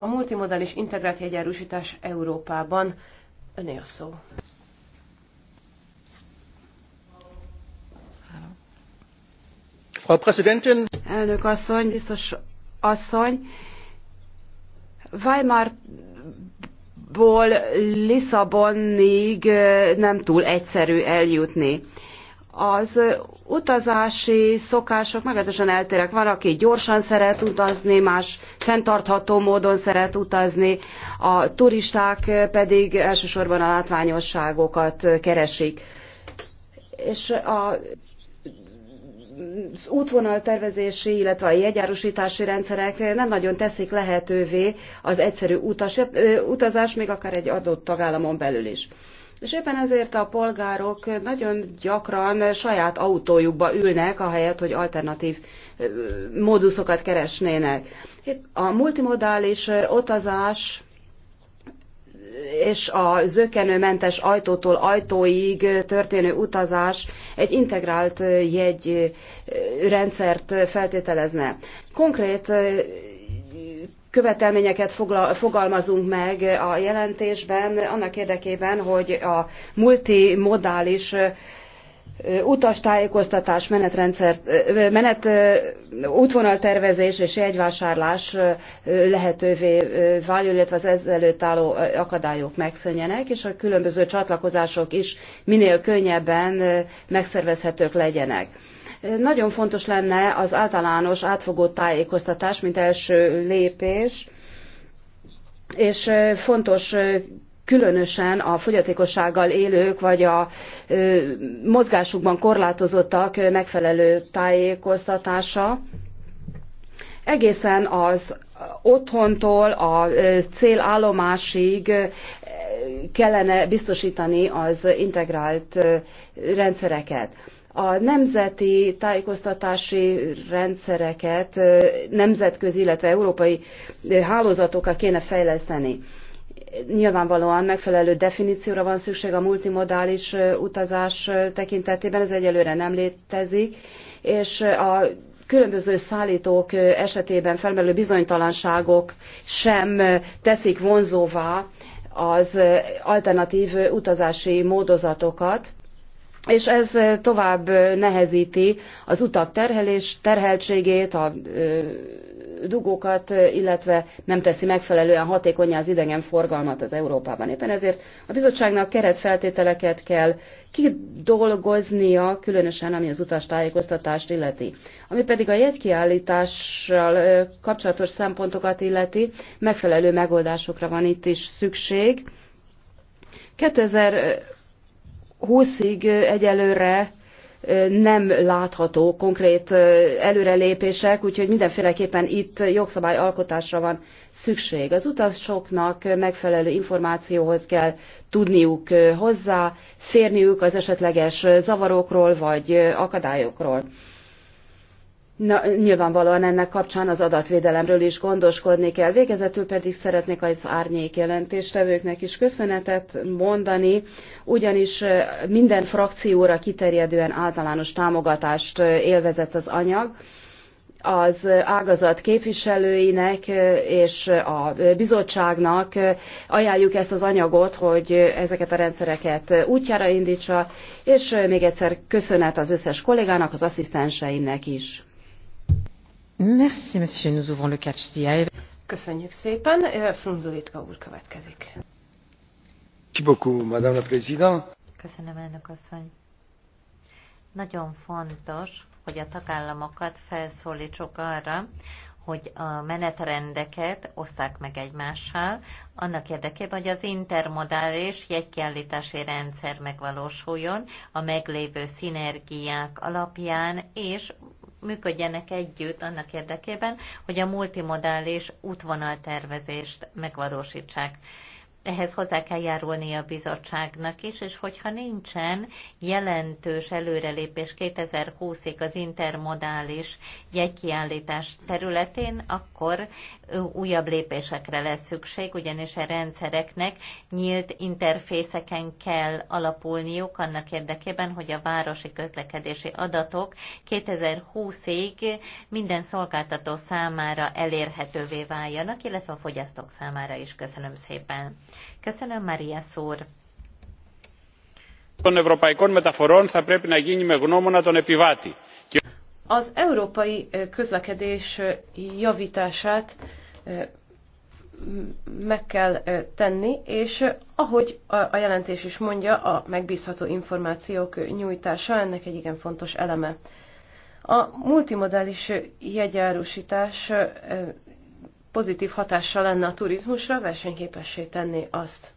A multimodális integrált jegyárusítás Európában. Öné a szó. Elnök asszony, biztos asszony! Weimarból Lisszabonig eh, nem túl egyszerű eljutni az utazási szokások meglehetősen eltérek. Van, aki gyorsan szeret utazni, más fenntartható módon szeret utazni, a turisták pedig elsősorban a látványosságokat keresik. És a az útvonaltervezési, illetve a jegyárusítási rendszerek nem nagyon teszik lehetővé az egyszerű utas, utazás, még akár egy adott tagállamon belül is. És éppen ezért a polgárok nagyon gyakran saját autójukba ülnek, ahelyett, hogy alternatív móduszokat keresnének. A multimodális utazás és a zökkenőmentes ajtótól ajtóig történő utazás egy integrált jegyrendszert feltételezne. Konkrét követelményeket fogalmazunk meg a jelentésben annak érdekében, hogy a multimodális utastájékoztatás, menetrendszer, menet, útvonaltervezés és jegyvásárlás lehetővé váljon, illetve az ezelőtt álló akadályok megszönjenek, és a különböző csatlakozások is minél könnyebben megszervezhetők legyenek nagyon fontos lenne az általános átfogó tájékoztatás, mint első lépés, és fontos különösen a fogyatékossággal élők vagy a mozgásukban korlátozottak megfelelő tájékoztatása. Egészen az otthontól a célállomásig kellene biztosítani az integrált rendszereket a nemzeti tájékoztatási rendszereket nemzetközi, illetve európai hálózatokkal kéne fejleszteni. Nyilvánvalóan megfelelő definícióra van szükség a multimodális utazás tekintetében, ez egyelőre nem létezik, és a különböző szállítók esetében felmerülő bizonytalanságok sem teszik vonzóvá az alternatív utazási módozatokat és ez tovább nehezíti az utak terhelés, terheltségét, a dugókat, illetve nem teszi megfelelően hatékonyá az idegenforgalmat az Európában. Éppen ezért a bizottságnak keretfeltételeket kell kidolgoznia, különösen ami az utas tájékoztatást illeti. Ami pedig a jegykiállítással kapcsolatos szempontokat illeti, megfelelő megoldásokra van itt is szükség. 2000 20-ig egyelőre nem látható konkrét előrelépések, úgyhogy mindenféleképpen itt jogszabályalkotásra van szükség. Az utasoknak megfelelő információhoz kell tudniuk hozzá, férniük az esetleges zavarokról vagy akadályokról. Na, nyilvánvalóan ennek kapcsán az adatvédelemről is gondoskodni kell. Végezetül pedig szeretnék az árnyék jelentéstevőknek is köszönetet mondani, ugyanis minden frakcióra kiterjedően általános támogatást élvezett az anyag. Az ágazat képviselőinek és a bizottságnak ajánljuk ezt az anyagot, hogy ezeket a rendszereket útjára indítsa, és még egyszer köszönet az összes kollégának, az asszisztenseimnek is. Merci, monsieur. Nous ouvrons le catch the eye. Köszönjük szépen. Frunzulitka úr következik. Madame la présidente. Köszönöm, elnök asszony. Nagyon fontos, hogy a tagállamokat felszólítsuk arra, hogy a menetrendeket osszák meg egymással, annak érdekében, hogy az intermodális jegykiállítási rendszer megvalósuljon a meglévő szinergiák alapján, és működjenek együtt annak érdekében, hogy a multimodális útvonaltervezést megvalósítsák ehhez hozzá kell járulni a bizottságnak is, és hogyha nincsen jelentős előrelépés 2020-ig az intermodális jegykiállítás területén, akkor újabb lépésekre lesz szükség, ugyanis a rendszereknek nyílt interfészeken kell alapulniuk annak érdekében, hogy a városi közlekedési adatok 2020-ig minden szolgáltató számára elérhetővé váljanak, illetve a fogyasztók számára is. Köszönöm szépen! Köszönöm, Maria Szór. Των ευρωπαϊκών μεταφορών θα πρέπει να γίνει με γνώμονα τον επιβάτη. Az európai közlekedés javítását meg kell tenni, és ahogy a jelentés is mondja, a megbízható információk nyújtása ennek egy igen fontos eleme. A multimodális jegyárusítás pozitív hatással lenne a turizmusra, versenyképessé tenni azt.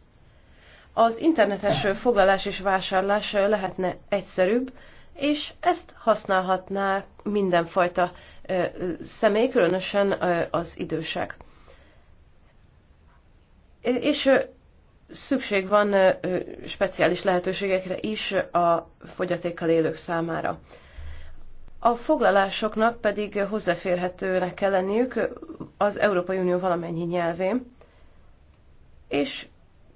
Az internetes foglalás és vásárlás lehetne egyszerűbb, és ezt használhatná mindenfajta személy, különösen az idősek. És szükség van speciális lehetőségekre is a fogyatékkal élők számára a foglalásoknak pedig hozzáférhetőnek kell lenniük az Európai Unió valamennyi nyelvén, és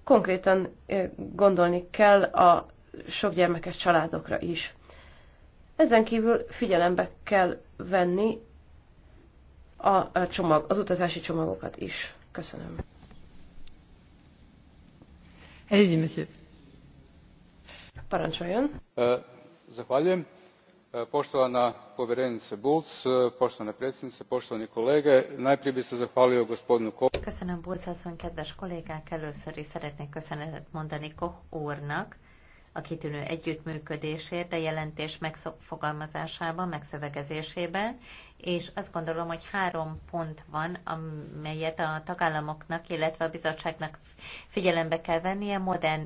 konkrétan gondolni kell a sok gyermekes családokra is. Ezen kívül figyelembe kell venni a csomag, az utazási csomagokat is. Köszönöm. Egyébként, monsieur. Parancsoljon. Uh, E, potovana povjerenice bulc e, potovana predsjednice potovani kolege najprije bih se zahvalio gospodinu Köszönöm, Bulc kedves kollégák! Először is szeretnék köszönetet mondani úrnak, a kitűnő együttműködésért a jelentés megfogalmazásában, megszövegezésében, és azt gondolom, hogy három pont van, amelyet a tagállamoknak, illetve a bizottságnak figyelembe kell vennie. Modern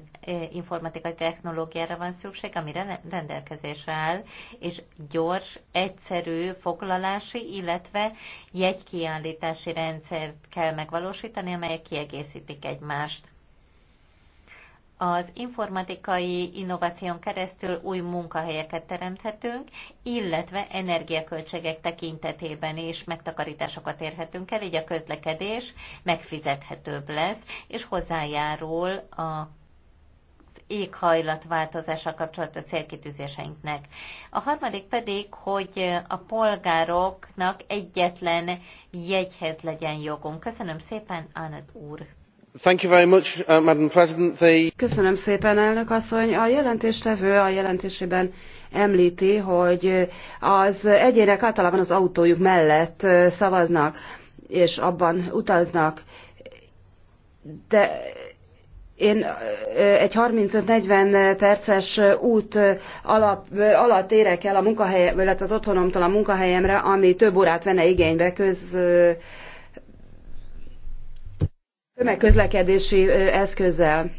informatikai technológiára van szükség, ami rendelkezésre áll, és gyors, egyszerű foglalási, illetve jegykiállítási rendszert kell megvalósítani, amelyek kiegészítik egymást az informatikai innováción keresztül új munkahelyeket teremthetünk, illetve energiaköltségek tekintetében is megtakarításokat érhetünk el, így a közlekedés megfizethetőbb lesz, és hozzájárul a éghajlatváltozással kapcsolatos célkitűzéseinknek. A harmadik pedig, hogy a polgároknak egyetlen jegyhez legyen jogunk. Köszönöm szépen, Ánad úr! Uh, Köszönöm szépen, elnök asszony. A jelentéstevő a jelentésében emlti hogy az egyének általában az autójuk mellett uh, szavaznak, és abban utaznak. De én uh, egy five forty perces út alap, alatt érek el a munkahelyem, illetve az otthonomtól a munkahelyemre, ami több órát venne igénybe köz tömegközlekedési eszközzel.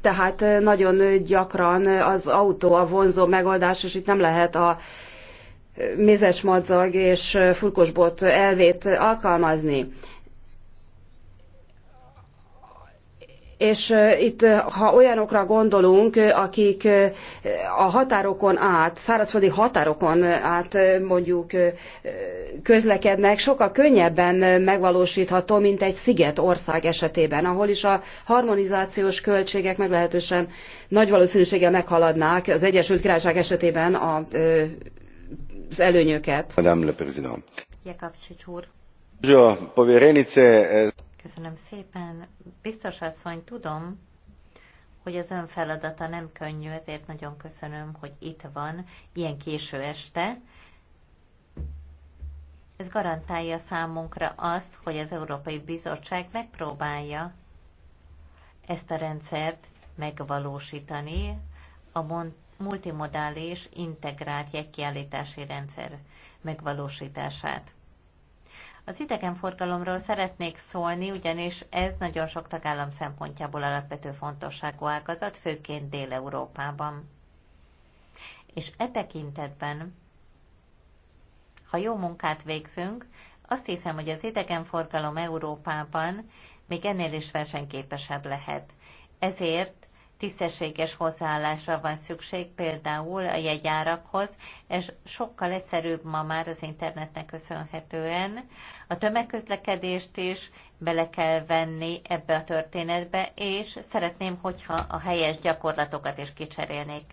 Tehát nagyon gyakran az autó a vonzó megoldás, és itt nem lehet a mézes madzag és fulkosbot elvét alkalmazni. És itt, ha olyanokra gondolunk, akik a határokon át, szárazföldi határokon át mondjuk közlekednek, sokkal könnyebben megvalósítható, mint egy sziget ország esetében, ahol is a harmonizációs költségek meglehetősen nagy valószínűséggel meghaladnák az Egyesült Királyság esetében a, az előnyöket. Madame le Président. Jakabcsics úr. Povérenice, Köszönöm szépen. Biztos asszony, tudom, hogy az ön feladata nem könnyű, ezért nagyon köszönöm, hogy itt van, ilyen késő este. Ez garantálja számunkra azt, hogy az Európai Bizottság megpróbálja ezt a rendszert megvalósítani, a multimodális integrált jegykiállítási rendszer megvalósítását. Az idegenforgalomról szeretnék szólni, ugyanis ez nagyon sok tagállam szempontjából alapvető fontosságú ágazat, főként Dél-Európában. És e tekintetben, ha jó munkát végzünk, azt hiszem, hogy az idegenforgalom Európában még ennél is versenyképesebb lehet. Ezért tisztességes hozzáállásra van szükség, például a jegyárakhoz. Ez sokkal egyszerűbb ma már az internetnek köszönhetően. A tömegközlekedést is bele kell venni ebbe a történetbe, és szeretném, hogyha a helyes gyakorlatokat is kicserélnék.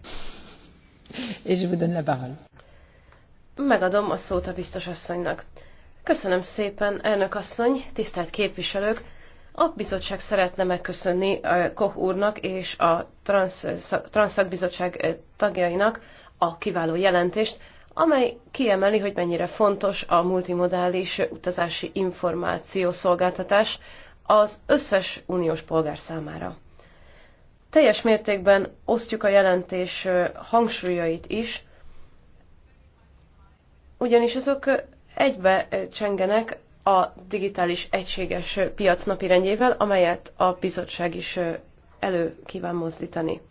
És Budön Megadom a szót a biztos asszonynak. Köszönöm szépen, elnök asszony, tisztelt képviselők! A bizottság szeretne megköszönni Koch úrnak és a Transzakbizottság tagjainak a kiváló jelentést, amely kiemeli, hogy mennyire fontos a multimodális utazási információ szolgáltatás az összes uniós polgár számára. Teljes mértékben osztjuk a jelentés hangsúlyait is, ugyanis azok egybe csengenek a digitális egységes piac napirendjével, amelyet a bizottság is elő kíván mozdítani.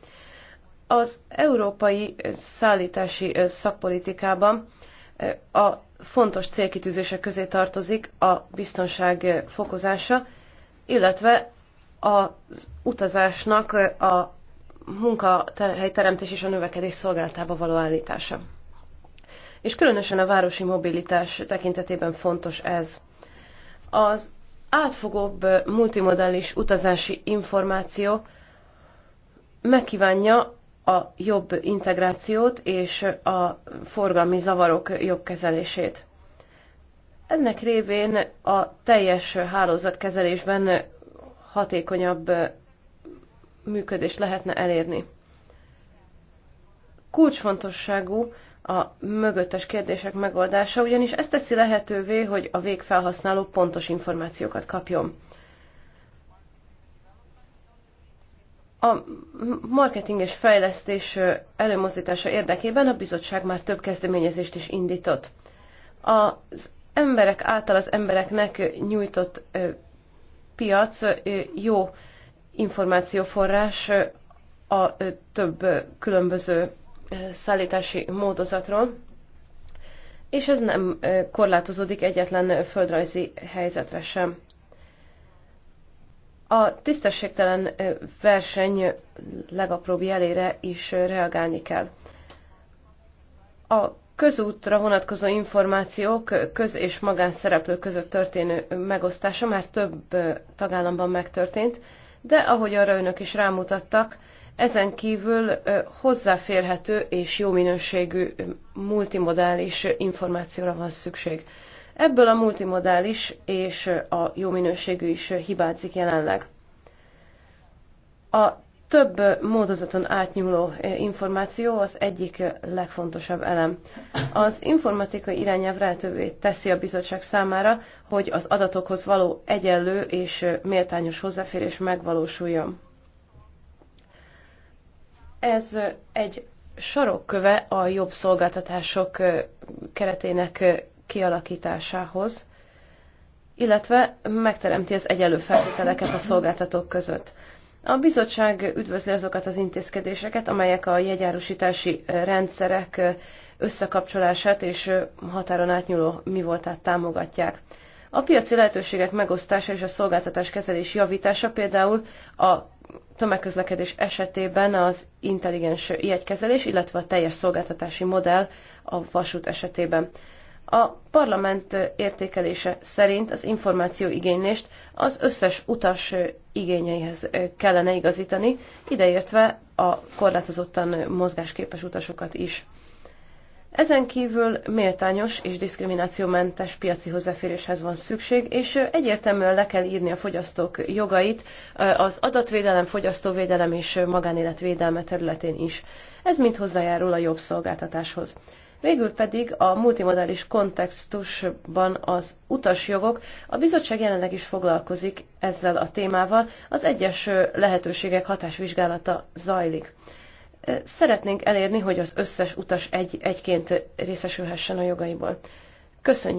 Az európai szállítási szakpolitikában a fontos célkitűzések közé tartozik a biztonság fokozása, illetve az utazásnak a munkahelyteremtés és a növekedés szolgáltába való állítása. És különösen a városi mobilitás tekintetében fontos ez. Az átfogóbb multimodális utazási információ megkívánja a jobb integrációt és a forgalmi zavarok jobb kezelését. Ennek révén a teljes hálózatkezelésben hatékonyabb működést lehetne elérni. Kulcsfontosságú, a mögöttes kérdések megoldása, ugyanis ezt teszi lehetővé, hogy a végfelhasználó pontos információkat kapjon. A marketing és fejlesztés előmozdítása érdekében a bizottság már több kezdeményezést is indított. Az emberek által az embereknek nyújtott piac jó információforrás a több különböző szállítási módozatról, és ez nem korlátozódik egyetlen földrajzi helyzetre sem. A tisztességtelen verseny legapróbb jelére is reagálni kell. A közútra vonatkozó információk köz- és magánszereplő között történő megosztása már több tagállamban megtörtént, de ahogy arra önök is rámutattak, ezen kívül hozzáférhető és jó minőségű multimodális információra van szükség. Ebből a multimodális és a jó minőségű is hibázik jelenleg. A több módozaton átnyúló információ az egyik legfontosabb elem. Az informatikai irányelv lehetővé teszi a bizottság számára, hogy az adatokhoz való egyenlő és méltányos hozzáférés megvalósuljon. Ez egy sarokköve a jobb szolgáltatások keretének kialakításához, illetve megteremti az egyenlő feltételeket a szolgáltatók között. A bizottság üdvözli azokat az intézkedéseket, amelyek a jegyárusítási rendszerek összekapcsolását és határon átnyúló mi voltát támogatják. A piaci lehetőségek megosztása és a szolgáltatás kezelés javítása például a tömegközlekedés esetében az intelligens jegykezelés, illetve a teljes szolgáltatási modell a vasút esetében. A parlament értékelése szerint az információigénylést az összes utas igényeihez kellene igazítani, ideértve a korlátozottan mozgásképes utasokat is. Ezen kívül méltányos és diszkriminációmentes piaci hozzáféréshez van szükség, és egyértelműen le kell írni a fogyasztók jogait az adatvédelem, fogyasztóvédelem és magánéletvédelme területén is. Ez mind hozzájárul a jobb szolgáltatáshoz. Végül pedig a multimodális kontextusban az utasjogok, a bizottság jelenleg is foglalkozik ezzel a témával, az egyes lehetőségek hatásvizsgálata zajlik. Szeretnénk elérni, hogy az összes utas egy, egyként részesülhessen a jogaiból. Köszönjük!